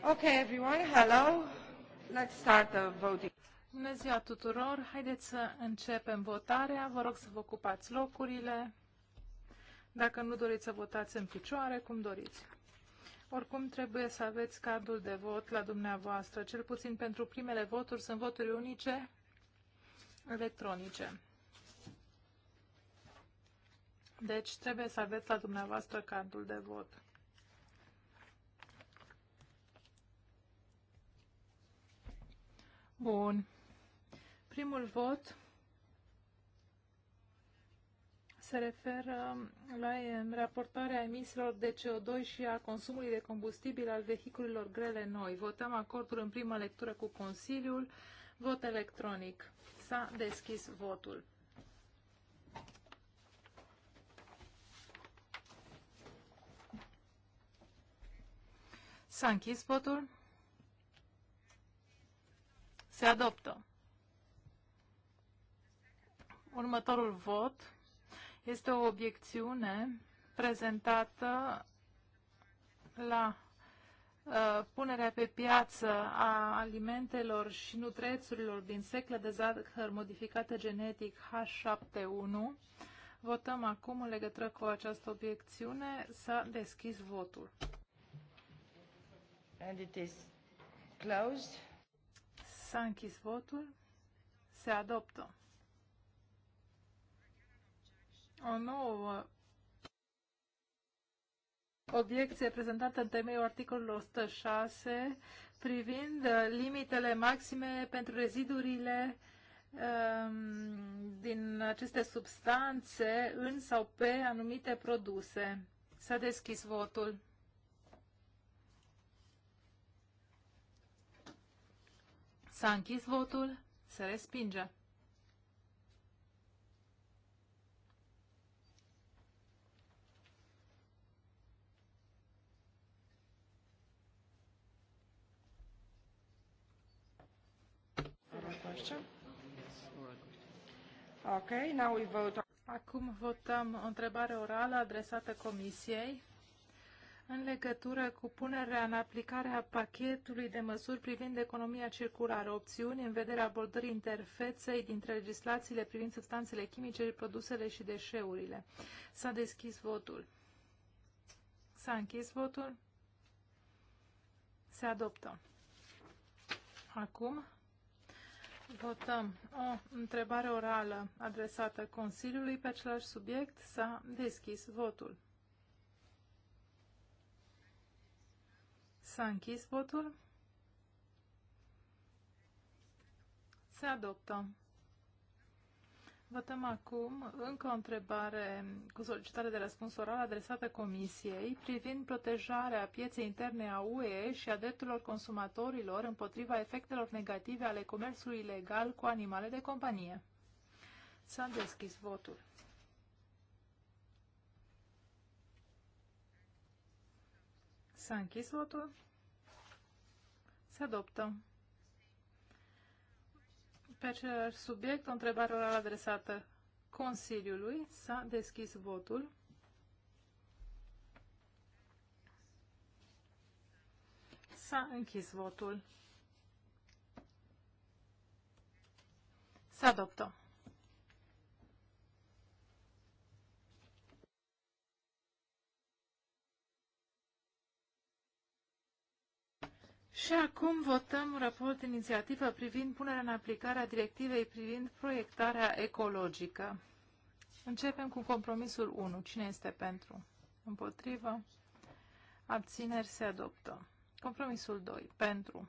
Okay, everyone, hello. Let's start the voting. Bună ziua tuturor! Haideți să începem votarea. Vă rog să vă ocupați locurile. Dacă nu doriți să votați în picioare, cum doriți. Oricum trebuie să aveți cardul de vot la dumneavoastră. Cel puțin pentru primele voturi sunt voturi unice electronice. Deci trebuie să aveți la dumneavoastră cardul de vot. Bun. Primul vot se referă la raportarea emisiilor de CO2 și a consumului de combustibil al vehiculelor grele noi. Votăm acordul în prima lectură cu Consiliul. Vot electronic. S-a deschis votul. S-a închis votul. Se adoptă. Următorul vot este o obiecțiune prezentată la uh, punerea pe piață a alimentelor și nutrețurilor din seclă de zahăr modificată genetic H71. Votăm acum în legătură cu această obiecțiune. S-a deschis votul. And it is closed. S-a închis votul. Se adoptă. O nouă obiecție prezentată în temeiul articolului 106 privind limitele maxime pentru rezidurile um, din aceste substanțe în sau pe anumite produse. S-a deschis votul. S-a închis votul. Se respinge. Okay, now we vote. Acum votăm o întrebare orală adresată Comisiei în legătură cu punerea în aplicare a pachetului de măsuri privind economia circulară, opțiuni în vederea abordării interfeței dintre legislațiile privind substanțele chimice, produsele și deșeurile. S-a deschis votul. S-a închis votul. Se adoptă. Acum votăm o întrebare orală adresată Consiliului pe același subiect. S-a deschis votul. S-a închis votul. Se adoptă. Votăm acum încă o întrebare cu solicitare de răspuns oral adresată Comisiei privind protejarea pieței interne a UE și a drepturilor consumatorilor împotriva efectelor negative ale comerțului ilegal cu animale de companie. S-a deschis votul. S-a închis votul. Se adoptă. Pe același subiect, o întrebare orală adresată Consiliului. S-a deschis votul. S-a închis votul. Se adoptă. Și acum votăm un raport inițiativă privind punerea în aplicare a directivei privind proiectarea ecologică. Începem cu compromisul 1. Cine este pentru? Împotrivă? Abțineri se adoptă. Compromisul 2. Pentru?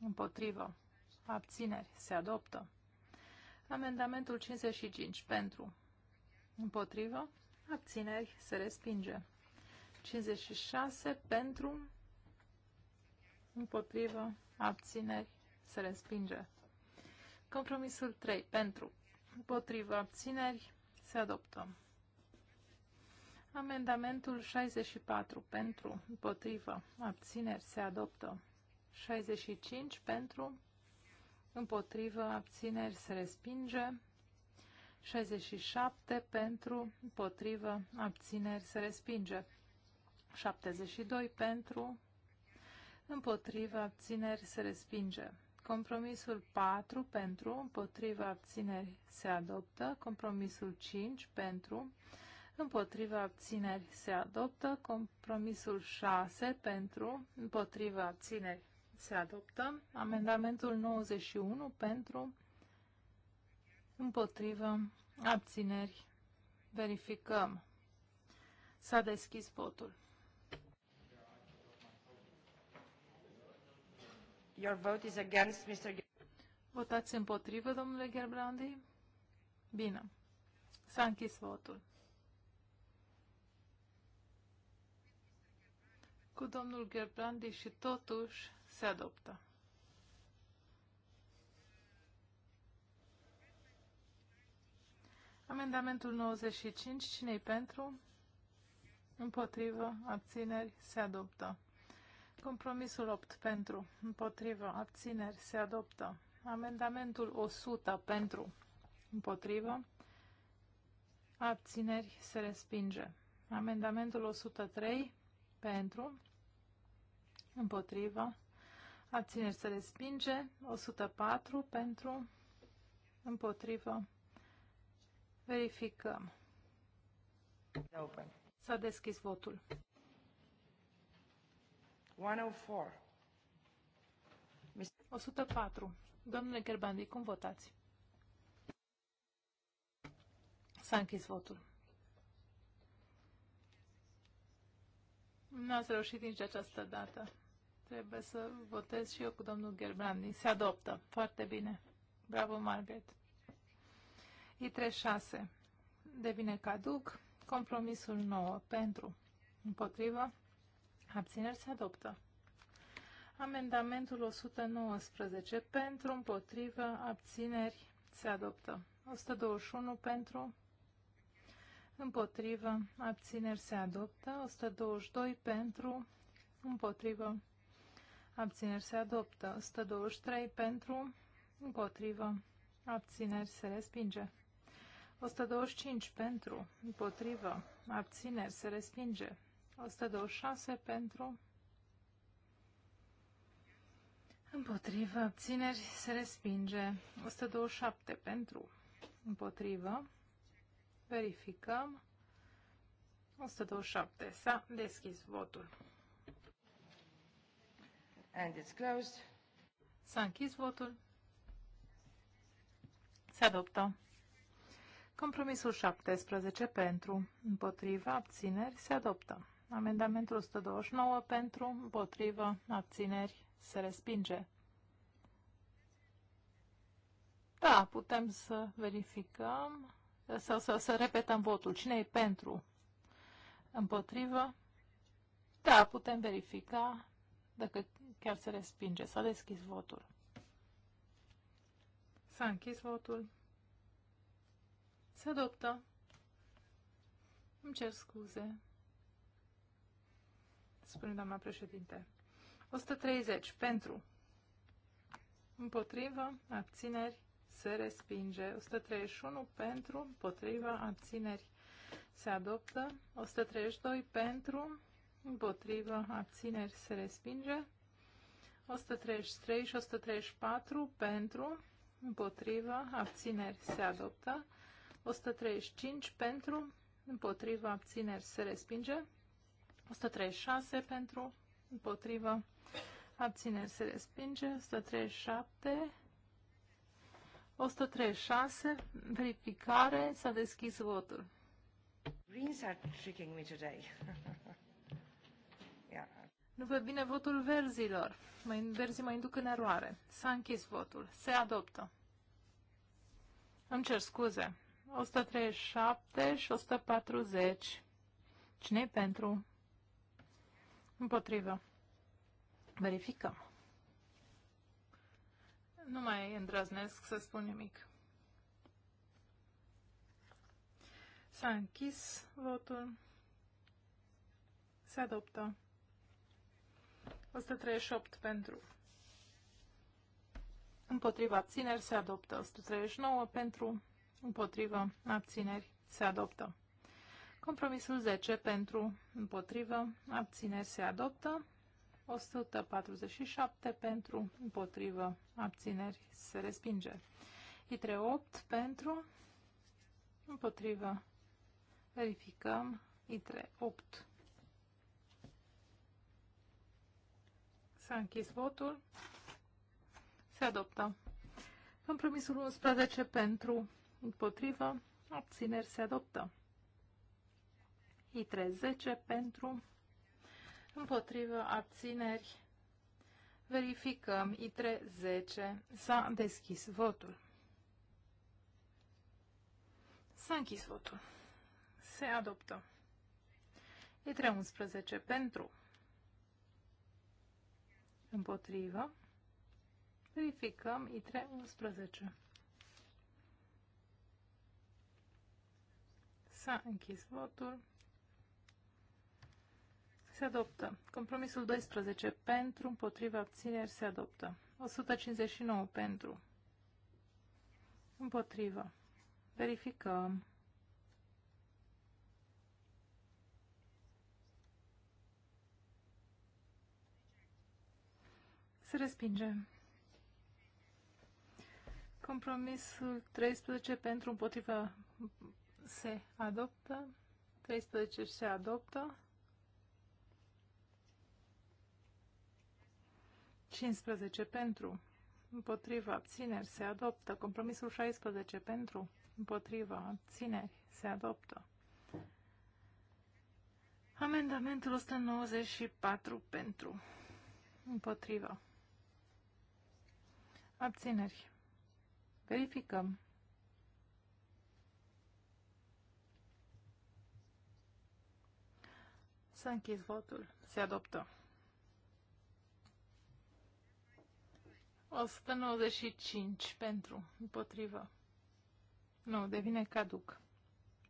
Împotrivă? Abțineri se adoptă. Amendamentul 55. Pentru? Împotrivă? Abțineri se respinge. 56. Pentru? împotrivă, abțineri, se respinge. Compromisul 3. Pentru, împotrivă, abțineri, se adoptă. Amendamentul 64. Pentru, împotrivă, abțineri, se adoptă. 65. Pentru, împotrivă, abțineri, se respinge. 67. Pentru, împotrivă, abțineri, se respinge. 72. Pentru, împotriva abțineri, se respinge. Compromisul 4 pentru, împotriva abțineri se adoptă. Compromisul 5 pentru, împotriva abțineri se adoptă. Compromisul 6 pentru, împotriva abțineri se adoptă. Amendamentul 91 pentru, împotriva abțineri verificăm. S-a deschis votul. Your vote is against, Mr. Votați împotrivă, domnule Gerbrandi? Bine. S-a închis votul. Cu domnul Gerbrandi și totuși se adoptă. Amendamentul 95, cine-i pentru? Împotrivă, abțineri, se adoptă. Compromisul 8 pentru, împotrivă, abțineri, se adoptă. Amendamentul 100 pentru, împotrivă, abțineri, se respinge. Amendamentul 103 pentru, împotrivă, abțineri, se respinge. 104 pentru, împotrivă, verificăm. S-a deschis votul. 104. Domnule Gerbandi, cum votați? S-a închis votul. Nu ați reușit nici această dată. Trebuie să votez și eu cu domnul Gerbrandi. Se adoptă. Foarte bine. Bravo, Margaret. I36 devine caduc. Compromisul 9 pentru. Împotrivă. Abțineri se adoptă. Amendamentul 119 pentru, împotrivă, abțineri se adoptă. 121 pentru, împotrivă, abțineri se adoptă. 122 pentru, împotrivă, abțineri se adoptă. 123 pentru, împotrivă, abțineri se respinge. 125 pentru, împotrivă, abțineri se respinge. 126 pentru, împotrivă, abțineri, se respinge. 127 pentru, împotrivă, verificăm. 127. S-a deschis votul. And it's closed. S-a închis votul. Se adoptă. Compromisul 17 pentru, împotriva, abțineri, se adoptă. Amendamentul 129 pentru, împotrivă, abțineri, se respinge. Da, putem să verificăm sau, să să repetăm votul. Cine e pentru? Împotrivă? Da, putem verifica dacă chiar se respinge. S-a deschis votul. S-a închis votul. Se adoptă. Îmi cer scuze spune doamna președinte. 130 pentru, împotrivă, abțineri, se respinge. 131 pentru, împotrivă, abțineri, se adoptă. 132 pentru, împotrivă, abțineri, se respinge. 133 și 134 pentru, împotrivă, abțineri, se adoptă. 135 pentru, împotrivă, abțineri, se respinge. 136 pentru, împotrivă, abțineri se respinge, 137, 136, verificare, s-a deschis votul. Greens are tricking me today. yeah. Nu vă bine votul verzilor. Mă, verzii mă induc în eroare. S-a închis votul. Se adoptă. Îmi cer scuze. 137 și 140. Cine-i pentru? Împotrivă. Verificăm. Nu mai îndrăznesc să spun nimic. S-a închis votul. Se adoptă. 138 pentru. Împotriva abțineri se adoptă. 139 pentru. Împotriva abțineri se adoptă. Compromisul 10 pentru, împotrivă, abțineri se adoptă. 147 pentru, împotrivă, abțineri se respinge. Itre 8 pentru, împotrivă, verificăm, Itre 8. S-a închis votul, se adoptă. Compromisul 11 pentru, împotrivă, abțineri se adoptă. I310 pentru, împotrivă, abțineri. Verificăm. I310 s-a deschis votul. S-a închis votul. Se adoptă. I311 pentru, împotrivă. Verificăm I311. S-a închis votul. Se adoptă. Compromisul 12 pentru, împotriva abțineri se adoptă. 159 pentru. Împotrivă. Verificăm. Se respinge. Compromisul 13 pentru împotriva se adoptă. 13 se adoptă. 15 pentru, împotriva, abțineri, se adoptă. Compromisul 16 pentru, împotriva, abțineri, se adoptă. Amendamentul 194 pentru, împotriva, abțineri. Verificăm. S-a închis votul. Se adoptă. 195 pentru, împotrivă. Nu, devine caduc.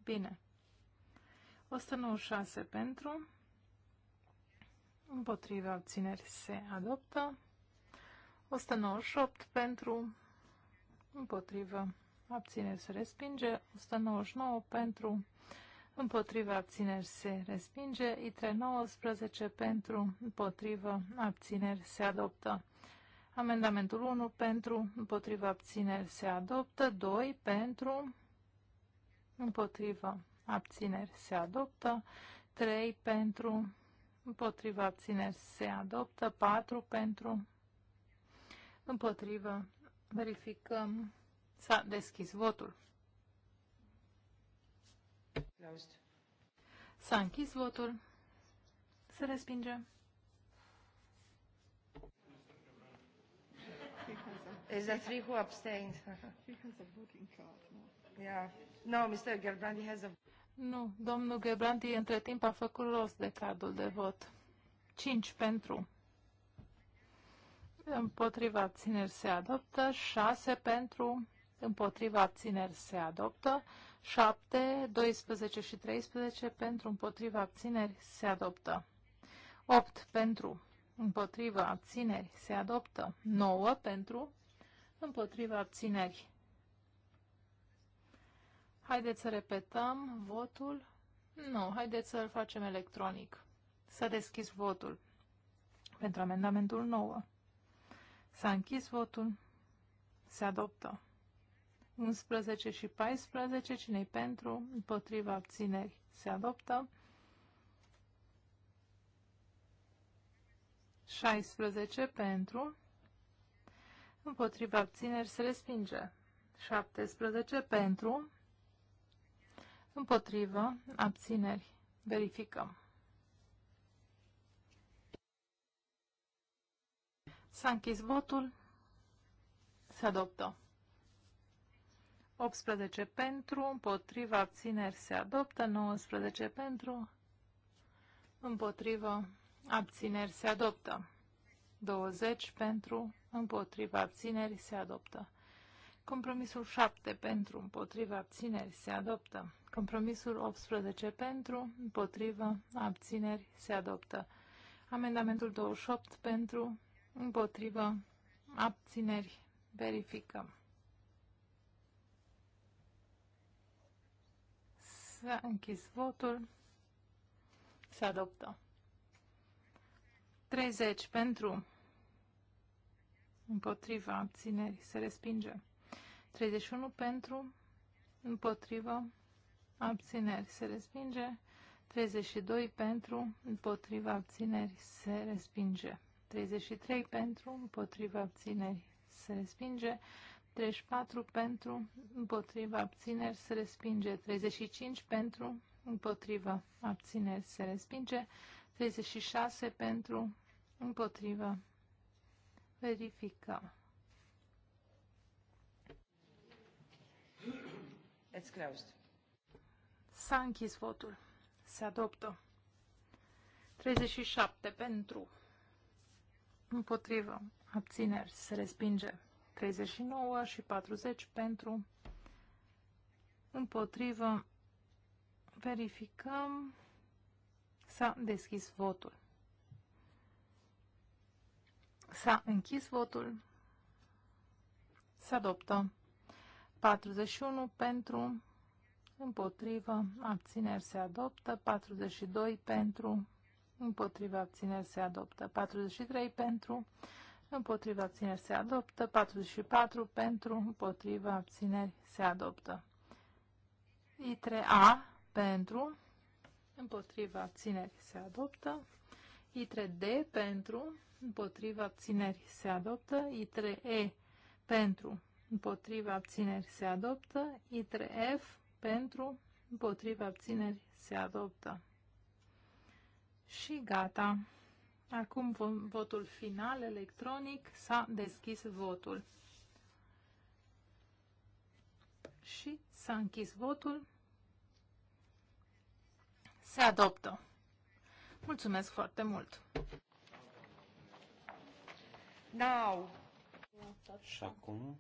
Bine. 196 pentru, împotrivă, abțineri se adoptă. 198 pentru, împotrivă, abțineri se respinge. 199 pentru, împotrivă, abțineri se respinge. I319 pentru, împotrivă, abțineri se adoptă. Amendamentul 1 pentru, împotriva abțineri se adoptă. 2 pentru, împotriva abțineri se adoptă. 3 pentru, împotriva abțineri se adoptă. 4 pentru, împotriva. Verificăm. S-a deschis votul. S-a închis votul. Se respinge. Is that three who abstained? He has a voting card. No? Yeah. No, Mr. Gerbrandi has a... Nu, domnul Gerbrandi între timp a făcut rost de cardul de vot. 5 pentru. Împotriva abțineri se adoptă. 6 pentru. Împotriva abțineri se adoptă. 7, 12 și 13 pentru. Împotriva abțineri se adoptă. 8 pentru. Împotriva abțineri se adoptă. 9 pentru împotriva abțineri. Haideți să repetăm votul. Nu, haideți să-l facem electronic. S-a deschis votul pentru amendamentul 9. S-a închis votul. Se adoptă. 11 și 14, cine pentru, împotriva abțineri, se adoptă. 16 pentru, împotriva abțineri se respinge. 17 pentru, împotriva abțineri. Verificăm. S-a închis votul. Se adoptă. 18 pentru, împotriva abțineri se adoptă, 19 pentru, împotriva abțineri se adoptă. 20 pentru, împotriva abțineri se adoptă. Compromisul 7 pentru, împotriva abțineri se adoptă. Compromisul 18 pentru, împotriva abțineri se adoptă. Amendamentul 28 pentru, împotriva abțineri verificăm. S-a închis votul. Se adoptă. 30 pentru, împotriva, abținerii, se respinge. 31 pentru, împotriva, abținerii, se respinge. 32 pentru, împotriva, abținerii, se respinge. 33 pentru, împotriva, abținerii, se respinge. 34 pentru, împotriva, abțineri, se respinge. 35 pentru, împotriva, abțineri, se respinge. 36 pentru, împotriva, Verificăm. It's closed. S-a închis votul. Se adoptă. 37 pentru. Împotrivă. Abțineri. Se respinge. 39 și 40 pentru. Împotrivă. Verificăm. S-a deschis votul. S-a închis votul. Se adoptă. 41 pentru, împotrivă, abțineri se adoptă. 42 pentru, împotrivă, abțineri se adoptă. 43 pentru, împotrivă, abțineri se adoptă. 44 pentru, împotrivă, abțineri se adoptă. I3A pentru, împotrivă, abțineri se adoptă. I3D pentru, împotriva abțineri se adoptă, I3E pentru împotriva abțineri se adoptă, I3F pentru împotriva abțineri se adoptă. Și gata. Acum votul final electronic s-a deschis votul. Și s-a închis votul. Se adoptă. Mulțumesc foarte mult! Now. Și acum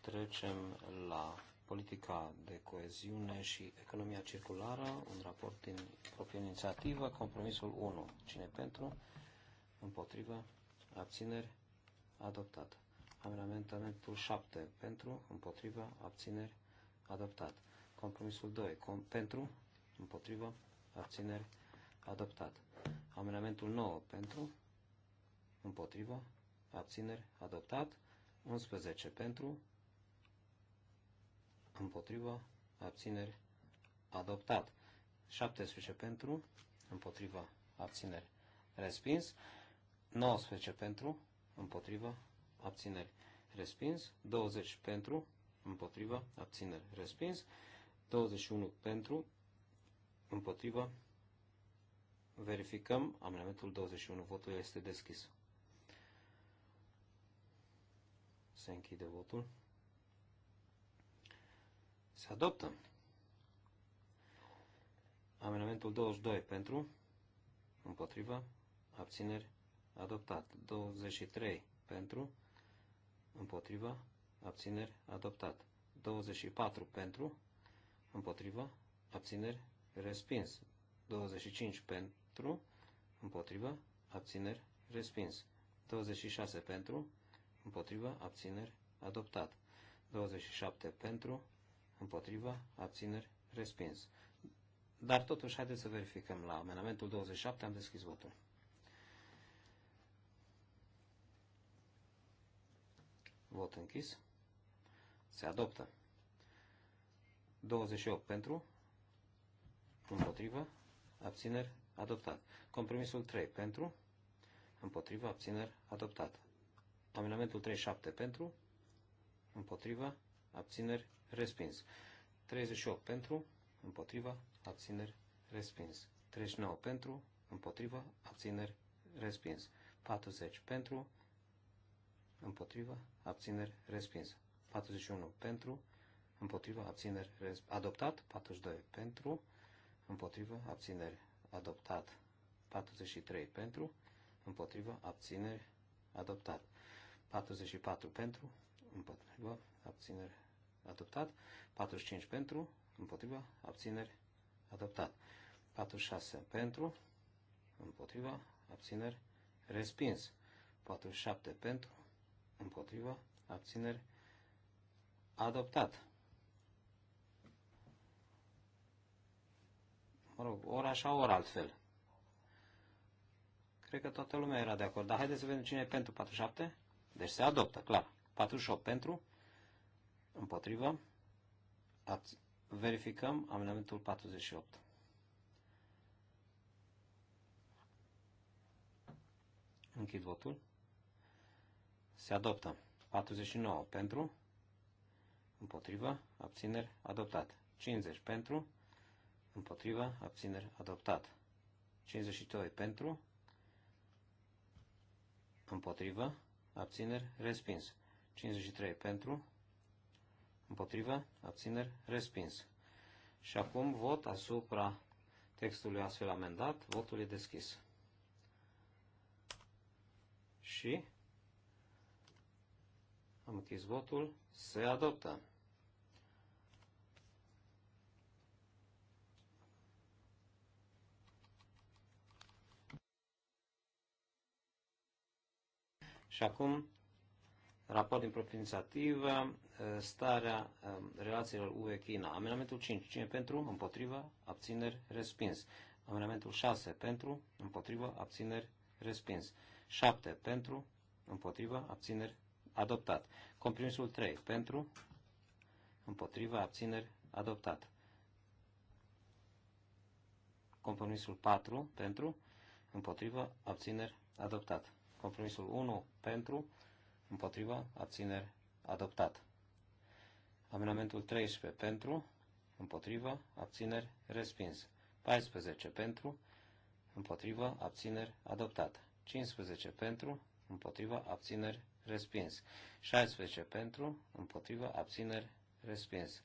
trecem la politica de coeziune și economia circulară, un raport din proprie inițiativă, compromisul 1. Cine pentru? Împotrivă? Abțineri? Adoptat. Amendamentul 7. Pentru? Împotrivă? Abțineri? Adoptat. Compromisul 2. Com pentru? Împotrivă? Abțineri? Adoptat. Amendamentul 9. Pentru? împotrivă, abțineri, adoptat, 11 pentru, împotrivă, abțineri, adoptat, 17 pentru, împotrivă, abțineri, respins, 19 pentru, împotrivă, abțineri, respins, 20 pentru, împotrivă, abțineri, respins, 21 pentru, împotrivă, verificăm, amendamentul 21, votul este deschis. Se închide votul. Se adoptă. Amendamentul 22 pentru, împotriva, abțineri, adoptat. 23 pentru, împotriva, abțineri, adoptat. 24 pentru, împotriva, abțineri, respins. 25 pentru, împotriva, abțineri, respins. 26 pentru, împotriva, abțineri, adoptat. 27 pentru, împotriva, abțineri, respins. Dar totuși, haideți să verificăm la amendamentul 27, am deschis votul. Vot închis. Se adoptă. 28 pentru, împotrivă, abțineri, adoptat. Compromisul 3 pentru, împotrivă, abțineri, adoptat. Amendamentul 37 pentru, împotriva, abțineri, respins. 38 pentru, împotriva, abțineri, respins. 39 pentru, împotriva, abțineri, respins. 40 pentru, împotriva, abțineri, respins. 41 pentru, împotriva, abțineri, adoptat. 42 pentru, împotriva, abțineri, adoptat. 43 pentru, împotriva, abțineri, adoptat. 44 pentru, împotriva, abținere, adoptat. 45 pentru, împotriva, abținere, adoptat. 46 pentru, împotriva, abțineri, respins. 47 pentru, împotriva, abțineri, adoptat. Mă rog, ori așa, ori altfel. Cred că toată lumea era de acord, dar haideți să vedem cine e pentru 47. Deci se adoptă, clar. 48 pentru, împotrivă. Ați, verificăm amendamentul 48. Închid votul. Se adoptă. 49 pentru, împotrivă, abțineri, adoptat. 50 pentru, împotrivă, abțineri, adoptat. 52 pentru, împotrivă, abțineri, respins. 53 pentru, împotriva, abțineri, respins. Și acum vot asupra textului astfel amendat, votul e deschis. Și am închis votul, se adoptă. Și acum, raport din profințativă, eh, starea eh, relațiilor UE-China. Amendamentul 5. Cine pentru? Împotrivă? Abțineri? Respins. Amendamentul 6. Pentru? Împotrivă? Abțineri? Respins. 7. Pentru? Împotrivă? Abțineri? Adoptat. Compromisul 3. Pentru? Împotrivă? Abțineri? Adoptat. Compromisul 4. Pentru? Împotrivă? Abțineri? Adoptat. Compromisul 1 pentru, împotriva, abțineri, adoptat. Amendamentul 13 pentru, împotriva, abțineri, respins. 14 pentru, împotriva, abțineri, adoptat. 15 pentru, împotriva, abțineri, respins. 16 pentru, împotriva, abțineri, respins.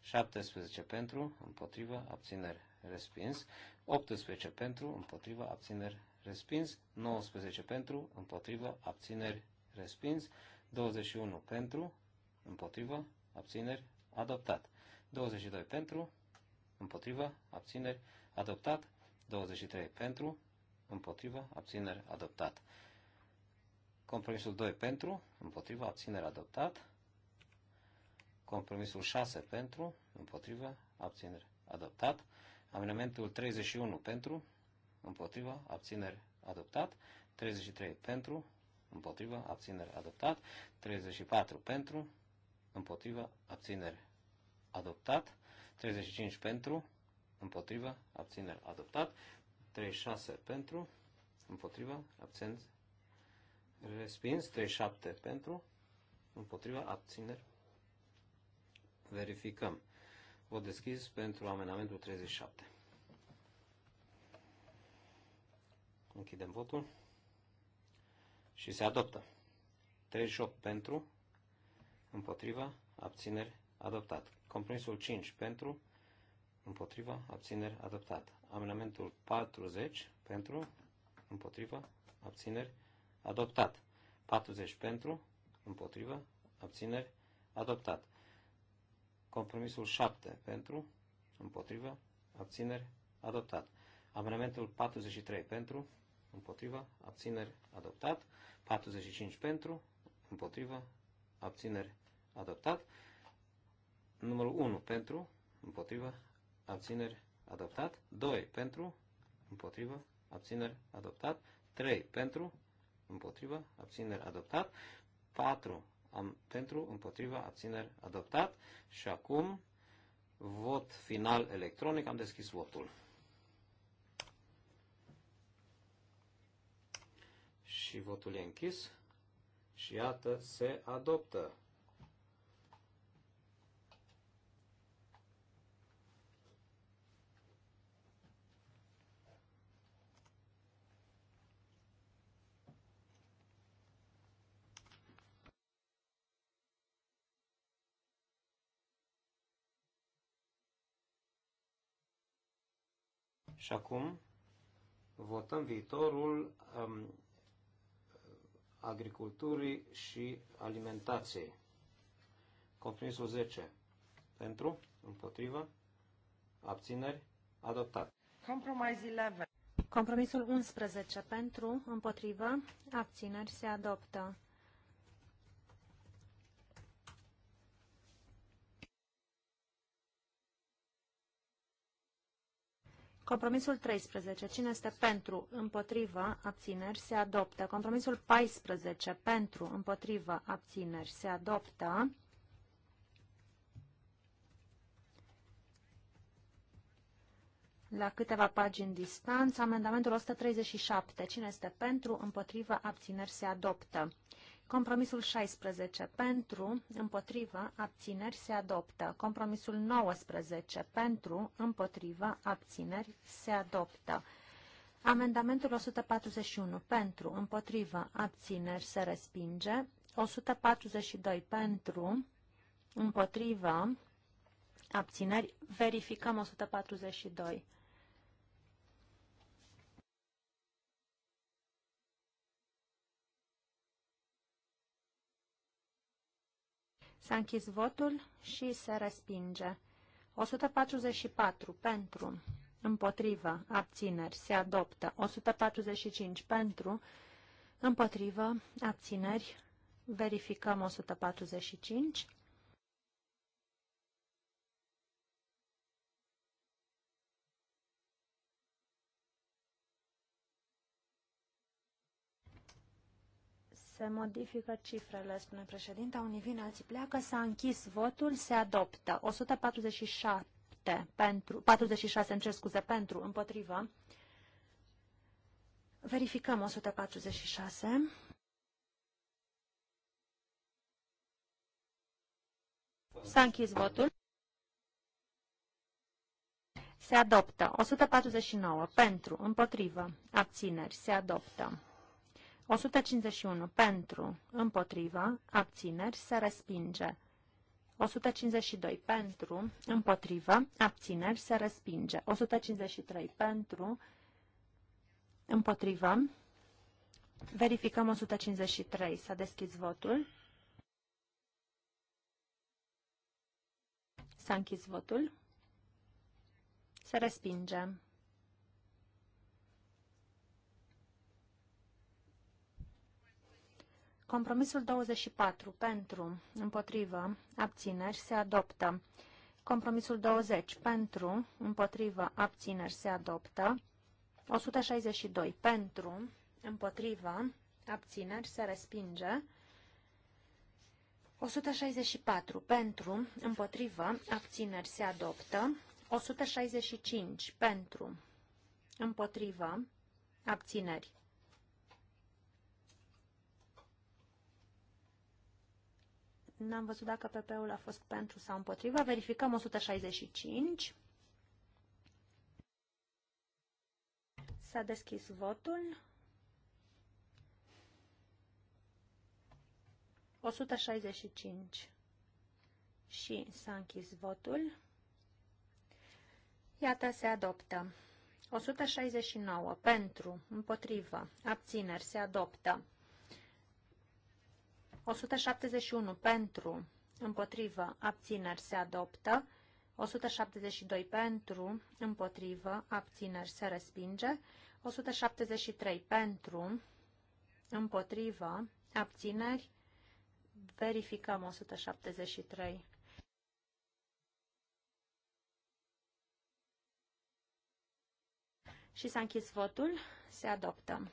17 pentru, împotriva, abțineri, respins. 18 pentru, împotriva, abțineri, respins, 19 pentru, împotrivă, abțineri, respins, 21 pentru, împotrivă, abțineri, adoptat, 22 pentru, împotrivă, abțineri, adoptat, 23 pentru, împotrivă, abțineri, adoptat. Compromisul 2 pentru, împotrivă, abțineri, adoptat. Compromisul 6 pentru, împotrivă, abțineri, adoptat. Amendamentul 31 pentru, împotriva, abțineri, adoptat. 33 pentru, împotriva, abțineri, adoptat. 34 pentru, împotriva, abțineri, adoptat. 35 pentru, împotriva, abțineri, adoptat. 36 pentru, împotriva, abțineri, respins. 37 pentru, împotriva, abțineri, verificăm. Vă deschis pentru amenamentul 37. Închidem votul. Și se adoptă. 38 pentru, împotriva, abțineri, adoptat. Compromisul 5 pentru, împotriva, abțineri, adoptat. Amendamentul 40 pentru, împotriva, abțineri, adoptat. 40 pentru, împotriva, abțineri, adoptat. Compromisul 7 pentru, împotriva, abțineri, adoptat. Amendamentul 43 pentru, împotriva, abțineri, adoptat. 45 pentru, împotriva, abțineri, adoptat. Numărul 1 pentru, împotriva, abțineri, adoptat. 2 pentru, împotriva, abțineri, adoptat. 3 pentru, împotriva, abțineri, adoptat. 4 am, pentru, împotriva, abțineri, adoptat. Și acum, vot final electronic, am deschis votul. și votul e închis. Și iată, se adoptă. Și acum votăm viitorul um, agriculturii și alimentației. Compromisul 10. Pentru, împotrivă, abțineri, adoptat. Compromise 11. Compromisul 11. Pentru, împotrivă, abțineri, se adoptă. Compromisul 13. Cine este pentru, împotrivă, abțineri, se adoptă. Compromisul 14. Pentru, împotrivă, abțineri, se adoptă. La câteva pagini distanță, amendamentul 137. Cine este pentru, împotrivă, abțineri, se adoptă. Compromisul 16 pentru, împotrivă, abțineri se adoptă. Compromisul 19 pentru, împotrivă, abțineri se adoptă. Amendamentul 141 pentru, împotrivă, abțineri se respinge. 142 pentru, împotrivă, abțineri verificăm 142. S-a închis votul și se respinge. 144 pentru, împotrivă, abțineri, se adoptă. 145 pentru, împotrivă, abțineri, verificăm 145. Se modifică cifrele, spune președinta. Unii vin, alții pleacă. S-a închis votul, se adoptă. 147 pentru, 46, îmi cer scuze, pentru, împotrivă. Verificăm 146. S-a închis votul. Se adoptă. 149. Pentru. Împotrivă. Abțineri. Se adoptă. 151 pentru, împotriva, abțineri, se respinge. 152 pentru, împotrivă, abțineri, se respinge. 153 pentru, împotrivă. Verificăm 153. S-a deschis votul. S-a închis votul. Se respinge. Compromisul 24 pentru, împotrivă, abțineri se adoptă. Compromisul 20 pentru, împotrivă, abțineri se adoptă. 162 pentru, împotrivă, abțineri se respinge. 164 pentru, împotrivă, abțineri se adoptă. 165 pentru, împotrivă, abțineri N-am văzut dacă PP-ul a fost pentru sau împotriva. Verificăm 165. S-a deschis votul. 165. Și s-a închis votul. Iată, se adoptă. 169. Pentru, împotrivă, abțineri, se adoptă. 171 pentru, împotrivă, abțineri se adoptă. 172 pentru, împotrivă, abțineri se respinge. 173 pentru, împotrivă, abțineri, verificăm 173. Și s-a închis votul, se adoptăm.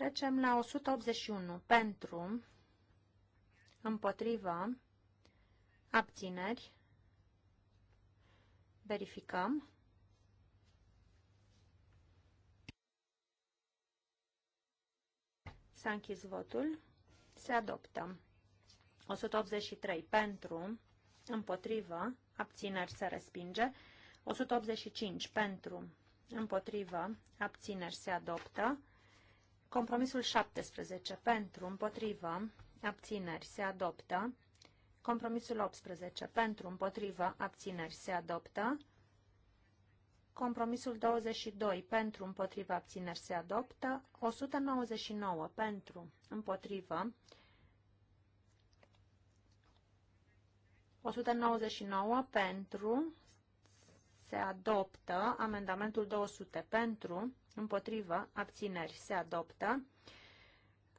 Trecem la 181. Pentru, împotrivă, abțineri, verificăm. S-a închis votul. Se adoptă. 183 pentru, împotrivă, abțineri se respinge. 185 pentru, împotrivă, abțineri se adoptă. Compromisul 17 pentru, împotrivă, abțineri se adoptă. Compromisul 18 pentru, împotrivă, abțineri se adoptă. Compromisul 22 pentru, împotrivă, abțineri se adoptă. 199 pentru, împotrivă. 199 pentru se adoptă. Amendamentul 200 pentru, împotrivă, abțineri, se adoptă.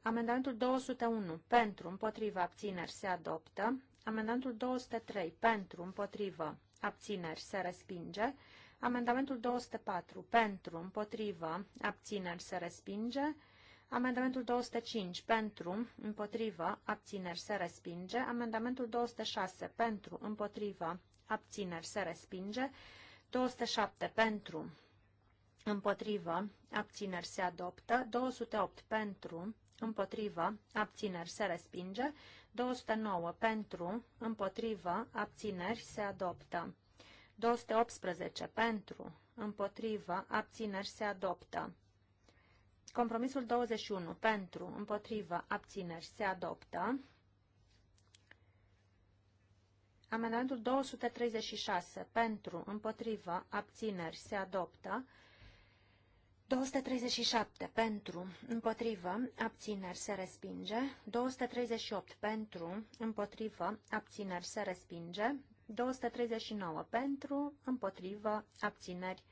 Amendamentul 201 pentru, împotrivă, abțineri, se adoptă. Amendamentul 203 pentru, împotrivă, abțineri, se respinge. Amendamentul 204 pentru, împotrivă, abțineri, se respinge. Amendamentul 205 pentru, împotrivă, abțineri se respinge. Amendamentul 206 pentru, împotrivă, abțineri se respinge. 207 pentru, împotrivă, abțineri se adoptă, 208 pentru, împotrivă, abțineri se respinge, 209 pentru, împotrivă, abțineri se adoptă, 218 pentru, împotrivă, abțineri se adoptă. Compromisul 21 pentru, împotrivă, abțineri se adoptă. Amendamentul 236 pentru, împotrivă, abțineri se adoptă. 237 pentru, împotrivă, abțineri se respinge. 238 pentru, împotrivă, abțineri se respinge. 239 pentru, împotrivă, abțineri.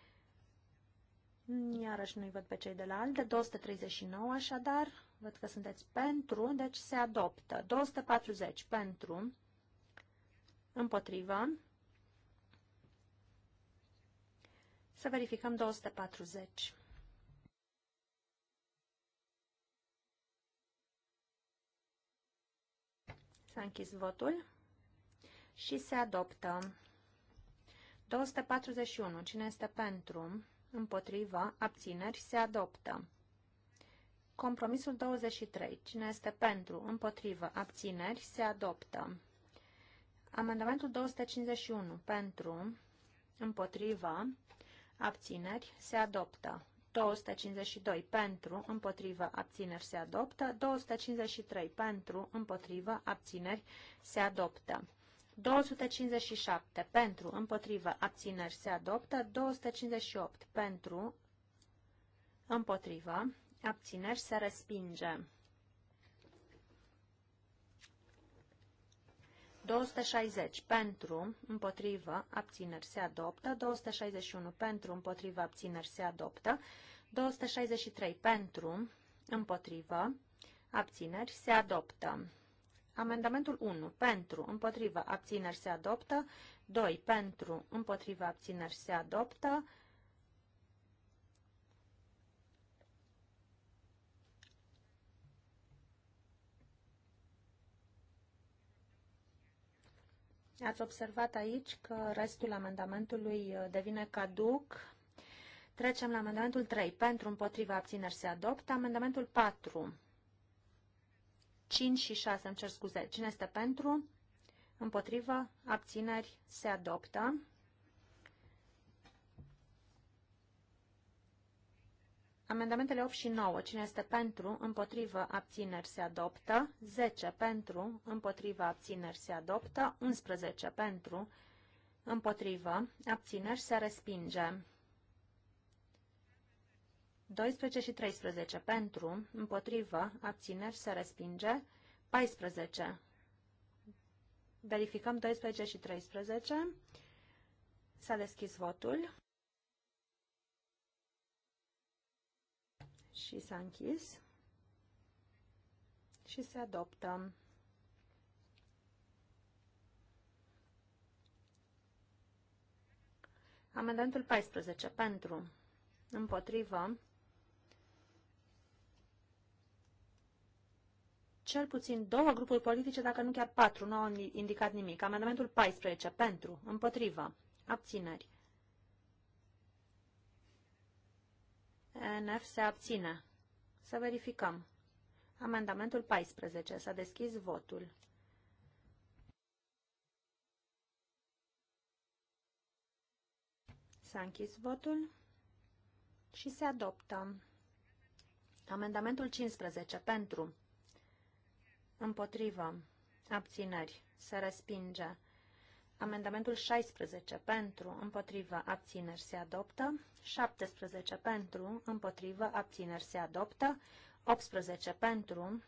Iarăși nu-i văd pe cei de la alte. 239 așadar, văd că sunteți pentru, deci se adoptă. 240 pentru, Împotrivă. Să verificăm 240. S-a închis votul și se adoptă. 241. Cine este pentru? Împotriva. Abțineri. Se adoptă. Compromisul 23. Cine este pentru? Împotrivă. Abțineri. Se adoptă. Amendamentul 251 pentru, împotriva, abțineri, se adoptă. 252 pentru, împotriva abțineri se adoptă, 253 pentru, împotriva abțineri se adoptă. 257 pentru, împotriva abțineri se adoptă, 258 pentru, împotriva abțineri se respinge. 260 pentru, împotrivă, abțineri se adoptă. 261 pentru, împotrivă, abțineri se adoptă. 263 pentru, împotrivă, abțineri se adoptă. Amendamentul 1. Pentru, împotrivă, abțineri se adoptă. 2. Pentru, împotrivă, abțineri se adoptă. Ați observat aici că restul amendamentului uh, devine caduc. Trecem la amendamentul 3. Pentru, împotriva, abțineri se adoptă. Amendamentul 4. 5 și 6, îmi cer scuze. Cine este pentru? împotriva abțineri se adoptă. Amendamentele 8 și 9. Cine este pentru, împotrivă, abțineri se adoptă. 10 pentru, împotrivă, abțineri se adoptă. 11 pentru, împotrivă, abțineri se respinge. 12 și 13 pentru, împotrivă, abțineri se respinge. 14. Verificăm 12 și 13. S-a deschis votul. Și s-a închis. Și se adoptă. Amendamentul 14. Pentru. Împotrivă. Cel puțin două grupuri politice, dacă nu chiar patru, nu au indicat nimic. Amendamentul 14. Pentru. Împotrivă. Abțineri. NF se abține. Să verificăm. Amendamentul 14. S-a deschis votul. S-a închis votul și se adoptă. Amendamentul 15. Pentru. Împotrivă. Abțineri. Se respinge. Amendamentul 16 pentru, împotrivă, abțineri se adoptă. 17 pentru, împotrivă, abțineri se adoptă. 18 pentru,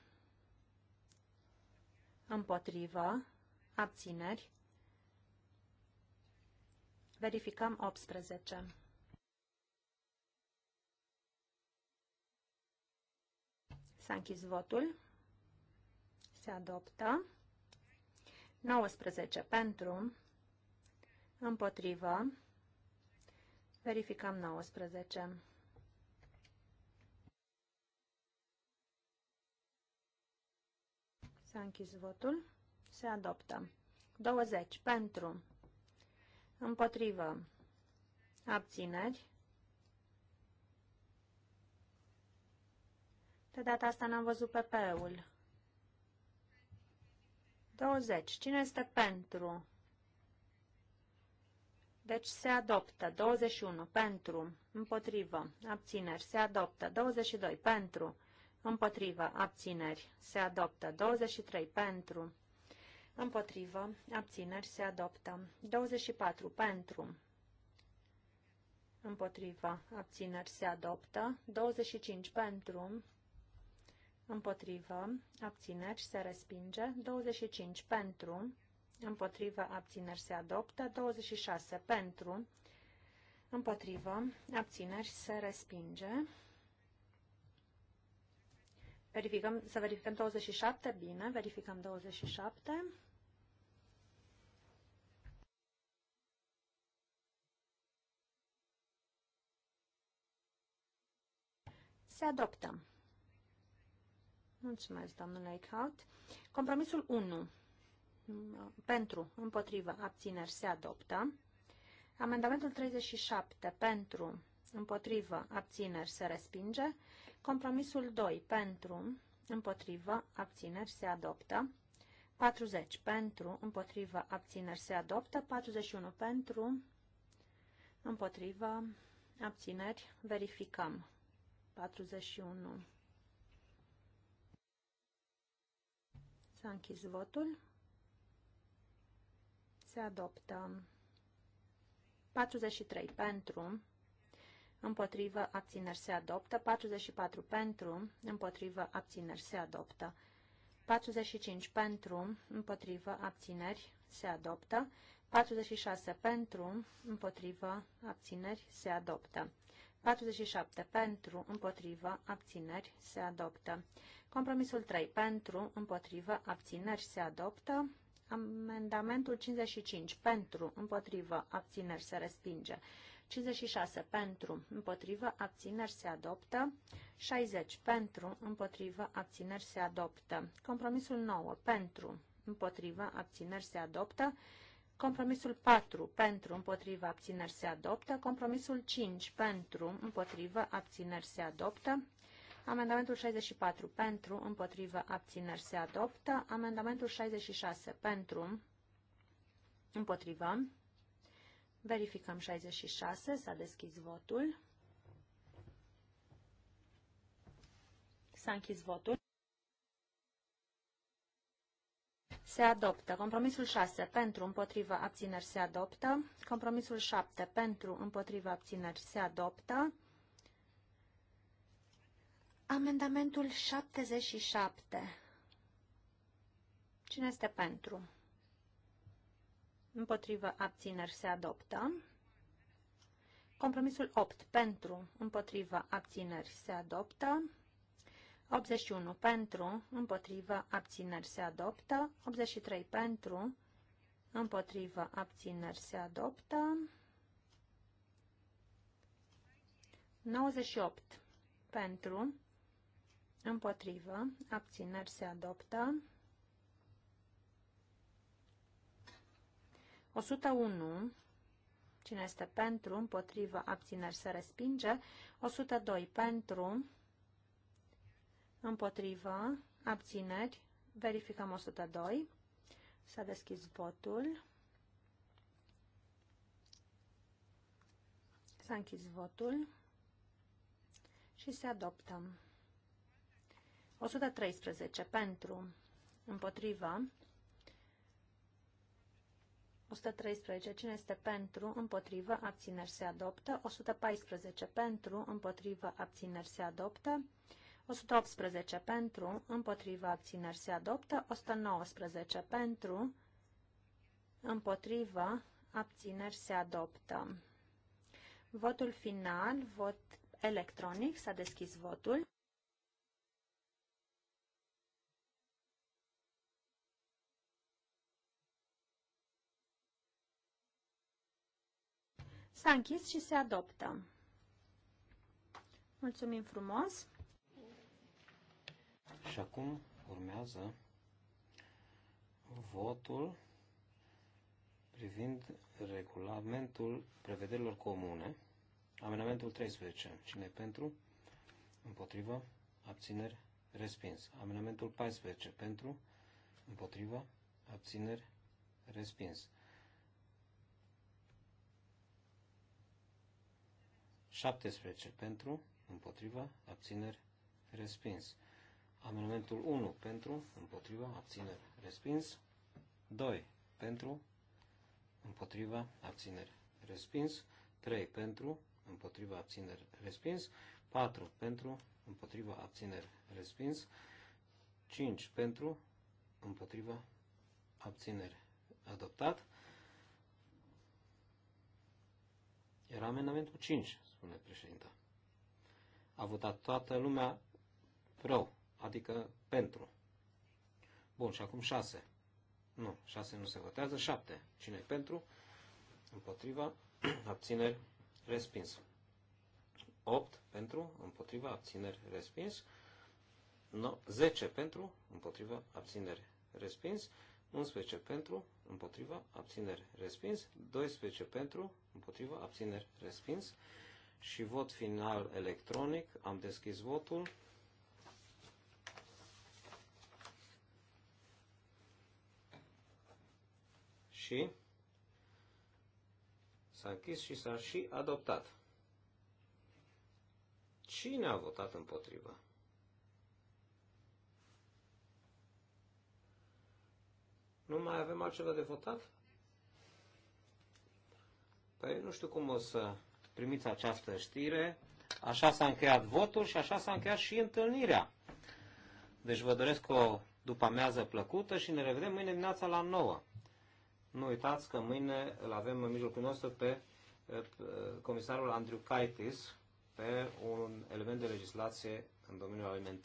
împotrivă, abțineri. Verificăm 18. S-a închis votul. Se adoptă. 19 pentru, împotrivă, verificăm 19. S-a închis votul, se adoptă. 20 pentru, împotrivă, abțineri, De data asta n-am văzut PP-ul. 20. Cine este pentru? Deci se adoptă. 21. Pentru. Împotrivă. Abțineri. Se adoptă. 22. Pentru. Împotrivă. Abțineri. Se adoptă. 23. Pentru. Împotrivă. Abțineri. Se adoptă. 24. Pentru. Împotrivă. Abțineri. Se adoptă. 25. Pentru împotrivă, abțineri, se respinge. 25 pentru, împotrivă, abțineri, se adoptă. 26 pentru, împotrivă, abțineri, se respinge. Verificăm, să verificăm 27, bine, verificăm 27. Se adoptă. Mulțumesc, domnule Eichhout. Compromisul 1. Pentru, împotrivă, abțineri se adoptă. Amendamentul 37. Pentru, împotrivă, abțineri se respinge. Compromisul 2. Pentru, împotrivă, abțineri se adoptă. 40. Pentru, împotrivă, abțineri se adoptă. 41. Pentru, împotrivă, abțineri verificăm. 41. S-a închis votul. Se adoptă. 43 pentru, împotrivă, abțineri se adoptă. 44 pentru, împotrivă, abțineri se adoptă. 45 pentru, împotrivă, abțineri se adoptă. 46 pentru, împotrivă, abțineri se adoptă. 47. Pentru, împotrivă, abțineri, se adoptă. Compromisul 3. Pentru, împotrivă, abțineri, se adoptă. Amendamentul 55. Pentru, împotrivă, abțineri, se respinge. 56. Pentru, împotrivă, abțineri, se adoptă. 60. Pentru, împotrivă, abțineri, se adoptă. Compromisul 9. Pentru, împotrivă, abțineri, se adoptă. Compromisul 4 pentru împotriva abțineri se adoptă. Compromisul 5 pentru împotriva abțineri se adoptă. Amendamentul 64 pentru împotriva abțineri se adoptă. Amendamentul 66 pentru împotriva. Verificăm 66. S-a deschis votul. S-a închis votul. se adoptă. Compromisul 6 pentru împotriva abțineri se adoptă. Compromisul 7 pentru împotriva abțineri se adoptă. Amendamentul 77. Cine este pentru? Împotrivă abțineri se adoptă. Compromisul 8 pentru împotriva abțineri se adoptă. 81 pentru, împotrivă, abțineri se adoptă. 83 pentru, împotrivă, abțineri se adoptă. 98 pentru, împotrivă, abțineri se adoptă. 101 Cine este pentru, împotrivă, abțineri se respinge. 102 pentru, împotrivă, abțineri, verificăm 102, s-a deschis votul, s-a închis votul și se adoptă. 113 pentru, împotrivă, 113. Cine este pentru, împotrivă, abțineri se adoptă. 114. Pentru, împotrivă, abțineri se adoptă. 118 pentru, împotriva abțineri se adoptă, 119 pentru, împotriva abțineri se adoptă. Votul final, vot electronic, s-a deschis votul. S-a închis și se adoptă. Mulțumim frumos! Și acum urmează votul privind regulamentul prevederilor comune, amendamentul 13. Cine pentru? Împotrivă? Abțineri? Respins. Amendamentul 14. Pentru? Împotrivă? Abțineri? Respins. 17. Pentru? Împotrivă? Abțineri? Respins. Amendamentul 1 pentru, împotriva, abțineri, respins. 2 pentru, împotriva, abțineri, respins. 3 pentru, împotriva, abțineri, respins. 4 pentru, împotriva, abțineri, respins. 5 pentru, împotriva, abțineri, adoptat. Era amendamentul 5, spune președinta. A votat toată lumea pro adică pentru. Bun, și acum 6. Nu, 6 nu se votează. 7. Cine e pentru? Împotriva. Abțineri. Respins. 8 pentru. Împotriva. Abțineri. Respins. 10 pentru. Împotriva. Abțineri. Respins. 11 pentru. Împotriva. Abțineri. Respins. 12 pentru. Împotriva. Abțineri. Respins. Și vot final electronic. Am deschis votul. și s-a închis și s-a și adoptat. Cine a votat împotrivă? Nu mai avem altceva de votat? Păi nu știu cum o să primiți această știre. Așa s-a încheiat votul și așa s-a încheiat și întâlnirea. Deci vă doresc o după amiază plăcută și ne revedem mâine dimineața la 9. Nu uitați că mâine îl avem în mijlocul nostru pe eh, eh, comisarul Andrew Kaitis pe un element de legislație în domeniul alimentar.